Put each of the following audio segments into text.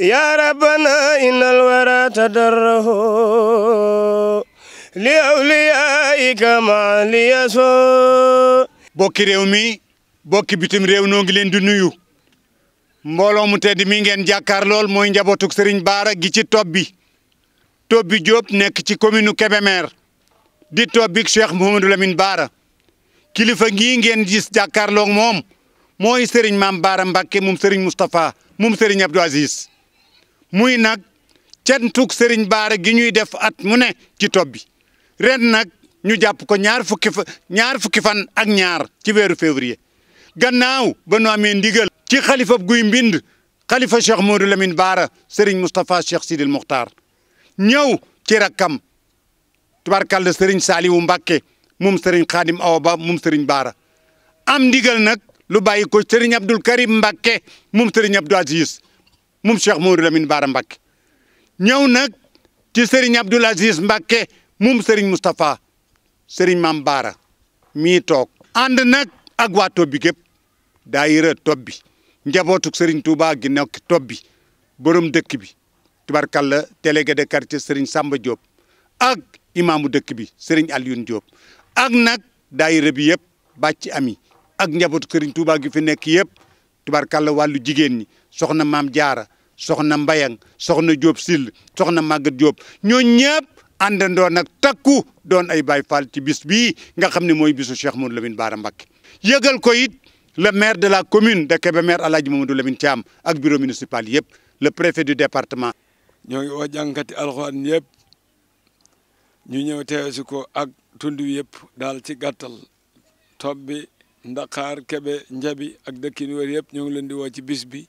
يا ربنا إن الورى تدره لأوليائك ما ليسو bokki réew mi bokki bitim réew noo ngi leen di nuyu mbooloo mu tedd mi ngeen jàkkaar lool mooy njabootuk Serigne baara gi ci topp bi topp bi Diop nekk ci commune Kébémer di topp bi Cheikh Mouhamadou Lamine kilifa ngi ngeen gis jàkkaarloog moom mooy Serigne maam Bara Mbacké moom Serigne Moustapha moom Serigne Abdou Aziz muy nag centuk Serigne baara gi ñuy def at mu ne ci topp bi ren nag ñu jàpp ko ñaar fukki fan ak ñaar ci weeru février gannaaw ba nu amee ndigal ci xalifa guy mbind xalifa Cheikh Modou Lamine Bara Serigne Moustapha Cheikh Sidil Mokhtar ñëw ci rakkam tubarkalla Serigne Saliou Mbacké moom Serigne Khadim Awa Ba moom Serigne am ndigal nag lu bàyyi ko Serigne Abdoul Karim Mbacké moom Serigne Abdou Aziz moom Cheikh Mouhamadou Lamine Bara Mbacké ñëw nag ci Serigne Abdoul Aziz Mbacké moom Serigne Moustapha Serigne Mame Bara mii toog ànd nag ak waa Tobbi gépp daayira Tobbi njabootuk Serigne Touba gi nekk Tobbi borom dëkk bi tubarkalla délégué de quartier Serigne Samba Diop ak imaamu dëkk bi Serigne Alioune Diop ak nag daayira bi yëpp bàcc ami ak njabootu Serigne Touba gi fi nekk yëpp tubarkalla wàllu jigéen ñi soxna maam jaara soxna Mbayang soxna Diop Sill soxna Maguette Diop ñoo ñëpp àndandoo nag takku doon ay Baye Fall ci bis bii nga xam ne mooy bisu Cheikh Modou Lamine Bara Mbacké yëgal ko it le maire de la commune de Kébémer Alhaji Mamadou Lamine Thiam ak bureau municipal yëpp le préfet du département. ñoo ngi woo jànkati alxuraan yëpp ñu ñëw teewe si ko ak tund wi yëpp daal ci gàttal topp bi Ndakaar Kébé Njabi ak dëkk yi wër yëpp ñoo ngi leen di woo ci bis bi.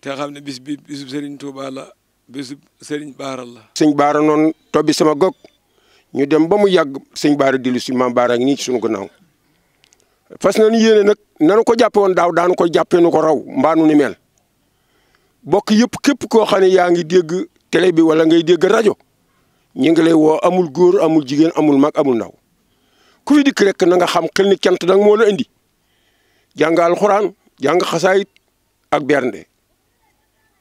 te xam ne bis bi bisub Serigne Touba la bisub Serigne Baara la. sëñ Baara noonu tobbi sama gog ñu dem ba mu yàgg sëñ Baara dellu si maam Baara ak ñii ci sunu gannaaw fas na nu yéene nag nanu ko jàppe woon daaw daanu ko jàppee nu ko raw mbaanu ni mel bokk yëpp képp koo xam ne yaa ngi dégg télé bi wala ngay dégg rajo ñu ngi lay woo amul góor amul jigéen amul mag amul ndaw ku fi dikk rek na nga xam xel ni cant nag moo la indi jàng alxuraan jàng xasaayit ak bernde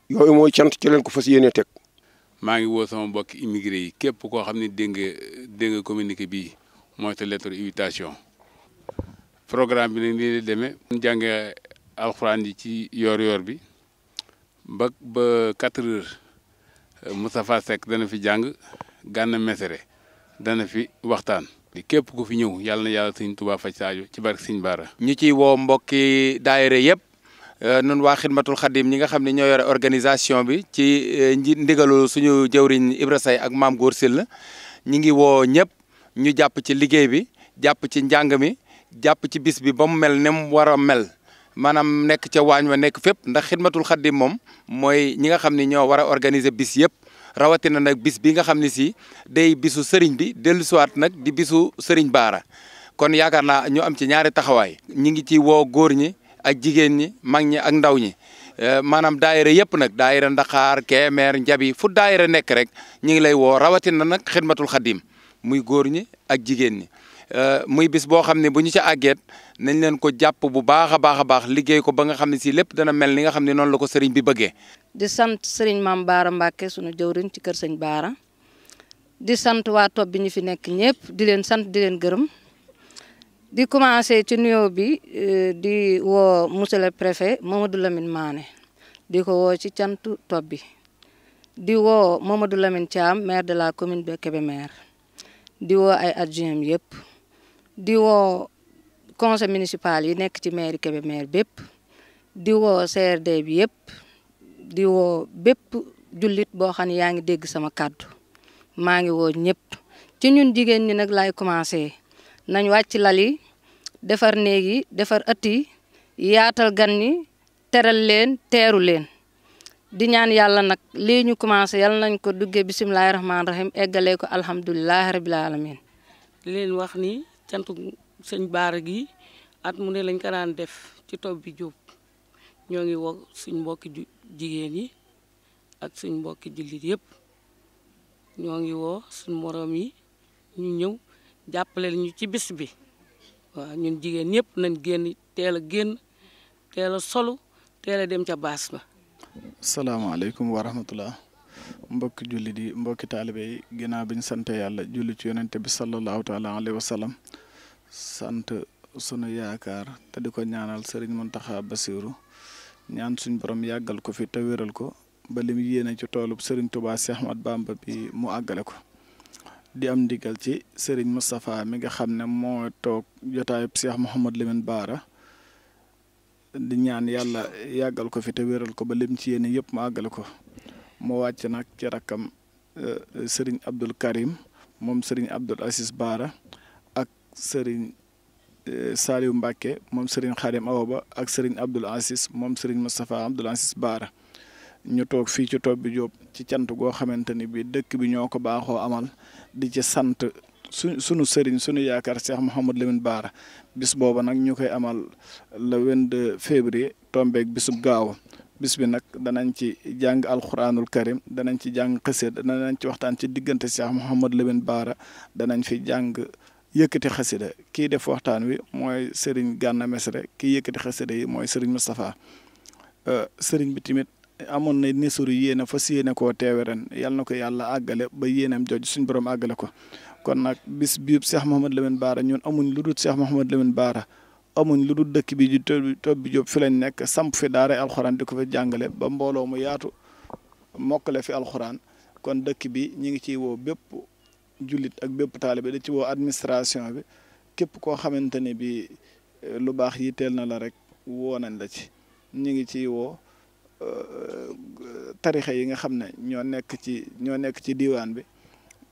yooyu mooy cant ci leen ko fas yéene teg. maa ngi woo sama mbokki immigré yi képp koo xam ni dégg nga dégg nga communiqué bii mooy te lettre invitation programme bi nag nii lay demee. ñu jàng alxuraan yi ci yoor-yoor bi ba ba 4 heures Moustapha Seck dana fi jàng Gana Messere dana fi waxtaan. képp ku fi ñëw yàlla na yàlla sëñ Tuubaa faj saajo ci barke sëñ Baara. ñu ciy woo mbokki daayira yëpp. Euh, nun waa xidmatul xadim ñi nga xam ne ñoo yore organisation bi ci euh, ndigalu suñu jëwriñ Ibra Say ak maam Góor Sylla ñi ngi woo ñëpp ñu jàpp ci liggéey bi jàpp ci njàng mi jàpp ci bis bi ba mu mel ne mu war a mel maanaam nekk ca waañ wa nekk fépp ndax xidmatul xadim moom mooy ñi nga xam ne ñoo war a organiser bis yëpp rawatina nag bis bi nga xam ne si day bisu sëriñ bi dellusiwaat nag di bisu sëriñ baara kon yaakaar naa ñu am ci ñaari taxawaay ñi ngi ci woo góor ñi ak jigéen ñi mag ñi ak ndaw ñi eh, maanaam daayira yëpp nag daayira Ndaxaar Keemeer Njabi fu daayira nekk rek ñu ngi lay woo rawatina nag xidmatul xadim muy góor ñi ak jigéen ñi. Eh, muy bis boo xam ne bu ñu ca àggeet nañ leen ko jàpp bu baax a baax a baax liggéey ko ba nga xam ne si lépp dana mel ni nga xam ne noonu la ko sëriñ bi bëggee. di sant sëriñ maam Baara Mbacke sunu jëwriñ ci kër sëñ Baara di sant waa topp bi ñu fi nekk ñëpp di leen sant di leen gërëm. di commencé ci nuyoo bi euh, di woo monsieur le préfet Mamadou Lamine Mané di ko woo ci cantu topp bi di woo Mamadou Lamine Thiam maire de la commune de Kébémer di woo ay adjoints yëpp di woo conseil municipal yi nekk ci mairie Kébémer bépp di woo CRD bi yëpp di woo bépp jullit boo xam ne yaa ngi dégg sama kàddu maa ngi woo ñëpp ci ñun jigéen ñi nag laay commencé. nañ wàcc lal yi defar néeg yi defar ëtt yi yaatal gan ñi teral leen teeru leen di ñaan yàlla nag lii ñu commencé yàlla nañ ko duggee bisimilahi rahmaani rahim eggalee ko alhamdulilahi rabil alamin di leen wax ni cantu sëñ baara gi at mu ne lañ ko daan def ci topp bi jóob ñoo ngi woo suñ mbokki jigéen yi ak suñ mbokki jullit yëpp ñoo ngi woo suñ moroom yi ñu ñëw jàppale lañu ci bis bi waaw ñun jigéen ñëpp nañ génn teel a génn teel a solu teel a dem ca baas ba. salaamaaleykum wa rahmatullah mbokki julli di mbokki taalibe yi ginnaaw bi ñu sant yàlla julli ci yonente bi sallallahu taala alayhi wa sallam sant sunu yaakaar te di ko ñaanal Serigne taxa Bassirou ñaan suñ borom yàggal ko fi te wéral ko ba lim yéene ci toolub Serigne Touba Cheikh Ahmad Bamba bi mu àggale ko. di am ndigal ci Serigne Moustapha mi nga xam ne moo toog jotaayub Cheikh Mouhamad Lamine Baara di ñaan yàlla yàggal ko fi te wéral ko ba lem ci yéen yëpp mu àggale ko mu wàcc nag ci rakkam eh, Serigne Abdul Karim moom Serigne Abdul Aziz Baara ak Serigne eh, Saliou Mbacke moom Serigne Xarim Awoba ak Serigne Abdul Aziz moom Serigne Moustapha Abdul Aziz Baara. ñu toog fii ci bi Jóob ci cant goo xamante ni bii dëkk bi ñoo ko baaxoo amal di ci sant su sunu sëriñ suñu yaakaar Cheikh Mouhamadou Lamine Bara bis booba nag ñu koy amal le 22 février tombeek bisub gaaw bis bi nag danañ ci jàng alxuraanul karim danañ ci jàng xasida danañ ci waxtaan ci diggante Cheikh Mouhamadou Lamine Bara danañ fi jàng yëkkati xasida kii def waxtaan wi mooy sëriñ Gana Messere kii yëkkati xasida yi mooy sëriñ Moustapha euh, sëriñ bi tamit amoon na nisuru yéene fas yéene koo teewe ren yal na ko yàlla àggale ba am jooju suñ borom àggale ko kon nag bis biib Cheikh Mouhamad Lamine Baara ñun amuñ lu dul Cheikh Mouhamad Lamine Baara amuñ lu dul dëkk bi di Tobbi Diop fi lañ nekk samp fi daare alxuraan di ko fi jàngale ba mbooloo mu yaatu mokkale fi alxuraan kon dëkk bi ñu ngi ciy woo bépp jullit ak bépp taalibe da ci woo administration bi képp koo xamante ne bi eh, lu baax yitteel na la rek woo nañ la ci ñu ngi ciy tarixe yi nga xam ne ñoo nekk ci ñoo nekk ci diiwaan bi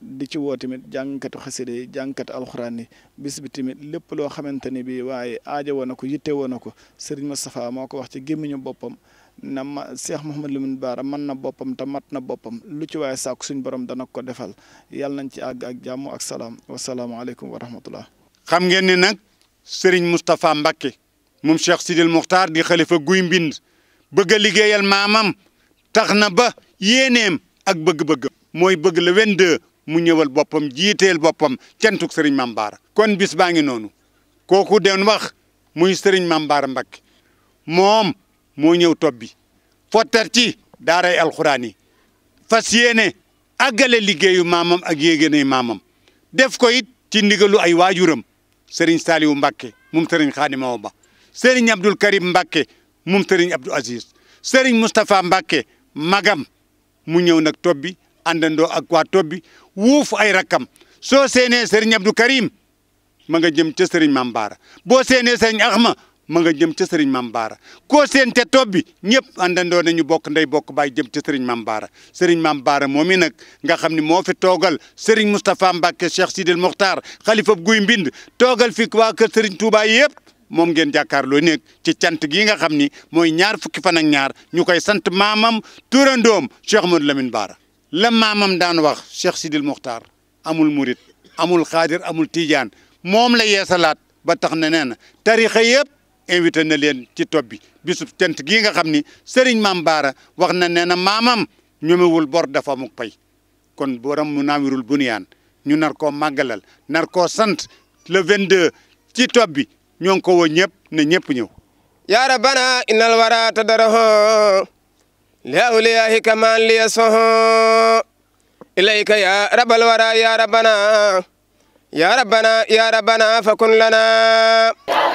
di ci woo tamit jàngkatu xasida yi jàngkatu alxuraan yi bis tamit lépp loo xamante ni bii waaye aaja woon na ko yitte woon na ko sëriñ Moustapha moo ko wax ci gémmiñu boppam na ma Cheikh Mouhamadou Lamine Bara mën na boppam te mat na boppam lu ci waaye sàkku suñ borom dana ko defal yàlla nañ ci àgg ak jàmm ak salaam wasalaamualeykum wa rahmatullah. xam ngeen ni nag sëriñ Moustapha Mbacke moom Cheikh Sidil Muxtaar di xalifa guy mbind bëgg a liggéeyal maamam tax na ba yéeneem ak bëgg-bëgg mooy bëgg le 22 mu ñëwal boppam jiiteel boppam cantuk sëriñ Mame kon bis baa ngi noonu kooku den wax muy sëriñ Mame Bara Mbacké moom moo ñëw topp bi fottar ci daaray alxuraan yi fas yéene àggale liggéeyu maamam ak yéegéenay maamam def ko it ci ndigalu ay waajuram sëriñ Saliou Mbacké moom sëriñ Xaadimaw Ba sëriñ Abdul Karim Mbacké moom Serigne Abdou Aziz Serigne Moustapha Mbacke magam mu ñëw nag tobbi àndandoo ak waa tobbi wuufu ay rakkam soo seenee Serigne Abdou Karim ma nga jëm ca Serigne Mame Bara boo seenee Serigne Axma ma nga jëm ca Serigne Mame Bara koo seen te tobbi ñëpp àndandoo nañu bokk ndey bokk baay jëm ca Serigne Mame Bara Serigne Mame Bara moom nag nga xam ni moo fi toogal Serigne Moustapha Mbacke Cheikh Sidil Mokhtar xalifa guy mbind toogal fik waa kër Serigne Touba yëpp. moom ngeen jàkkaarloo nekk ci cant gii nga xam ni mooy ñaar fukki fan ak ñaar ñu koy sant maamam turandoom Cheikh Modou Lamine Bara la maamam daan wax Cheikh Sidil Mokhtar amul murit amul xaadir amul tijaan moom la yeesalaat ba tax na neena na tarixa yëpp invité na leen ci topp bi bisub cant gii nga xam ni Serigne Maam Bara wax na nee na maamam ñomewul bor dafa amuk pay kon borom mu naawirul buniyaan ñu nar ko màggalal nar koo sant le 22 ci topp bi ñoo ngi ko woo ñëpp ne ñëpp ñëw ya rabbana innal wara tadaraho li awliyahi kaman liyasoho ilayka ya rabbal wara ya rabbana ya rabbana ya rabbana fakun lana